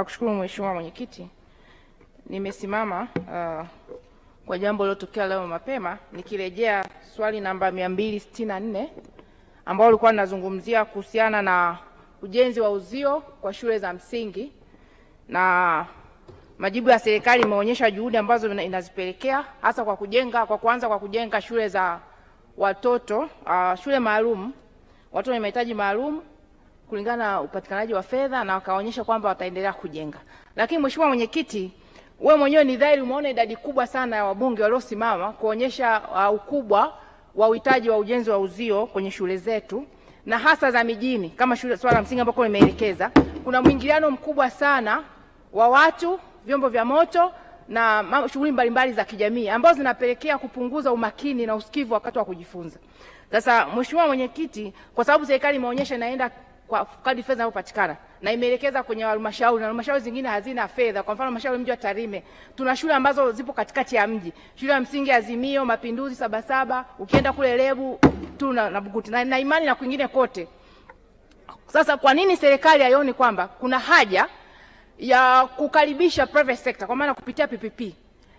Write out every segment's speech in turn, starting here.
Nakushukuru Mheshimiwa Mwenyekiti, nimesimama uh, kwa jambo lilotokea leo mapema nikirejea swali namba 264 ambao ulikuwa ninazungumzia kuhusiana na ujenzi wa uzio kwa shule za msingi, na majibu ya serikali imeonyesha juhudi ambazo inazipelekea hasa kwa kujenga kwa kuanza kwa kujenga shule za watoto uh, shule maalum watoto wenye mahitaji maalum kulingana na upatikanaji wa fedha na wakaonyesha kwamba wataendelea kujenga. Lakini Mheshimiwa Mwenyekiti, wewe mwenyewe ni dhahiri umeona idadi kubwa sana ya wabunge waliosimama kuonyesha uh, ukubwa wa uhitaji wa ujenzi wa uzio kwenye shule zetu na hasa za mijini kama shule swala la msingi ambako nimeelekeza. Kuna mwingiliano mkubwa sana wa watu, vyombo vya moto na shughuli mbalimbali za kijamii ambazo zinapelekea kupunguza umakini na usikivu wakati wa kujifunza. Sasa Mheshimiwa Mwenyekiti, kwa sababu serikali imeonyesha inaenda kwa kadi fedha inayopatikana na imeelekeza kwenye halmashauri na halmashauri zingine hazina fedha. Kwa mfano halmashauri mji wa Tarime tuna shule ambazo zipo katikati ya mji, shule ya msingi Azimio, Mapinduzi, Sabasaba, ukienda kule Lebu tu na Bukuti na, na imani na kwingine kote. Sasa kwa nini serikali haioni kwamba kuna haja ya kukaribisha private sector kwa maana kupitia PPP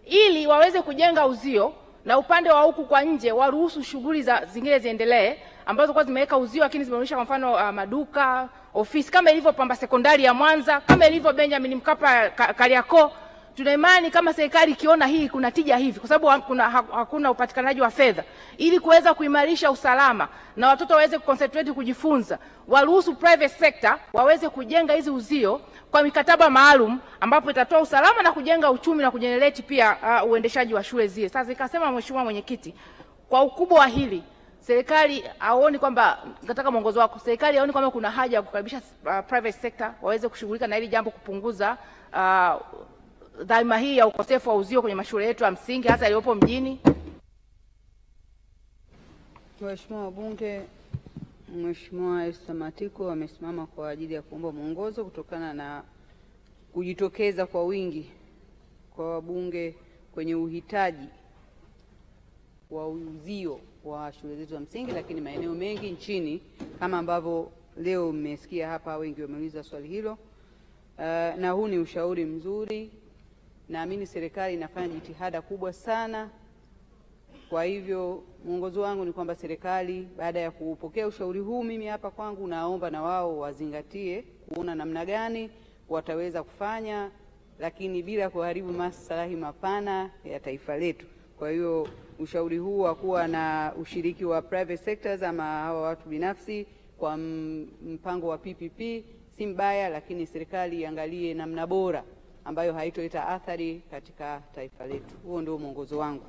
ili waweze kujenga uzio na upande wa huku kwa nje waruhusu shughuli za zingine ziendelee ambazo kwa zimeweka uzio lakini zimeonyesha kwa mfano uh, maduka, ofisi kama ilivyo Pamba sekondari ya Mwanza, kama ilivyo Benjamin Mkapa Kariakoo. Tuna imani kama serikali ikiona hii kuna tija hivi, kwa sababu kuna, hakuna upatikanaji wa fedha, ili kuweza kuimarisha usalama na watoto waweze kuconcentrate kujifunza, waruhusu private sector waweze kujenga hizi uzio kwa mikataba maalum, ambapo itatoa usalama na kujenga uchumi na kujenereti pia uh, uendeshaji wa shule zile. Sasa ikasema, Mheshimiwa Mwenyekiti, kwa ukubwa wa hili serikali haoni kwamba, nataka mwongozo wako, serikali haoni kwamba kuna haja ya kukaribisha uh, private sector waweze kushughulika na hili jambo, kupunguza uh, dhima hii ya ukosefu wa uzio kwenye mashule yetu ya msingi hasa yaliyopo mjini. Waheshimiwa wabunge, Mheshimiwa Esther Matiko amesimama kwa ajili ya kuomba mwongozo kutokana na kujitokeza kwa wingi kwa wabunge kwenye uhitaji wa uzio wa shule zetu za msingi, lakini maeneo mengi nchini kama ambavyo leo mmesikia hapa, wengi wameuliza swali hilo. Uh, na huu ni ushauri mzuri, naamini serikali inafanya jitihada kubwa sana. Kwa hivyo mwongozo wangu ni kwamba serikali baada ya kupokea ushauri huu mimi hapa kwangu, naomba na wao wazingatie kuona namna gani wataweza kufanya, lakini bila kuharibu maslahi mapana ya taifa letu. Kwa hiyo ushauri huu wa kuwa na ushiriki wa private sectors ama hawa watu binafsi kwa mpango wa PPP si mbaya, lakini serikali iangalie namna bora ambayo haitoleta athari katika taifa letu. Huo ndio mwongozo wangu.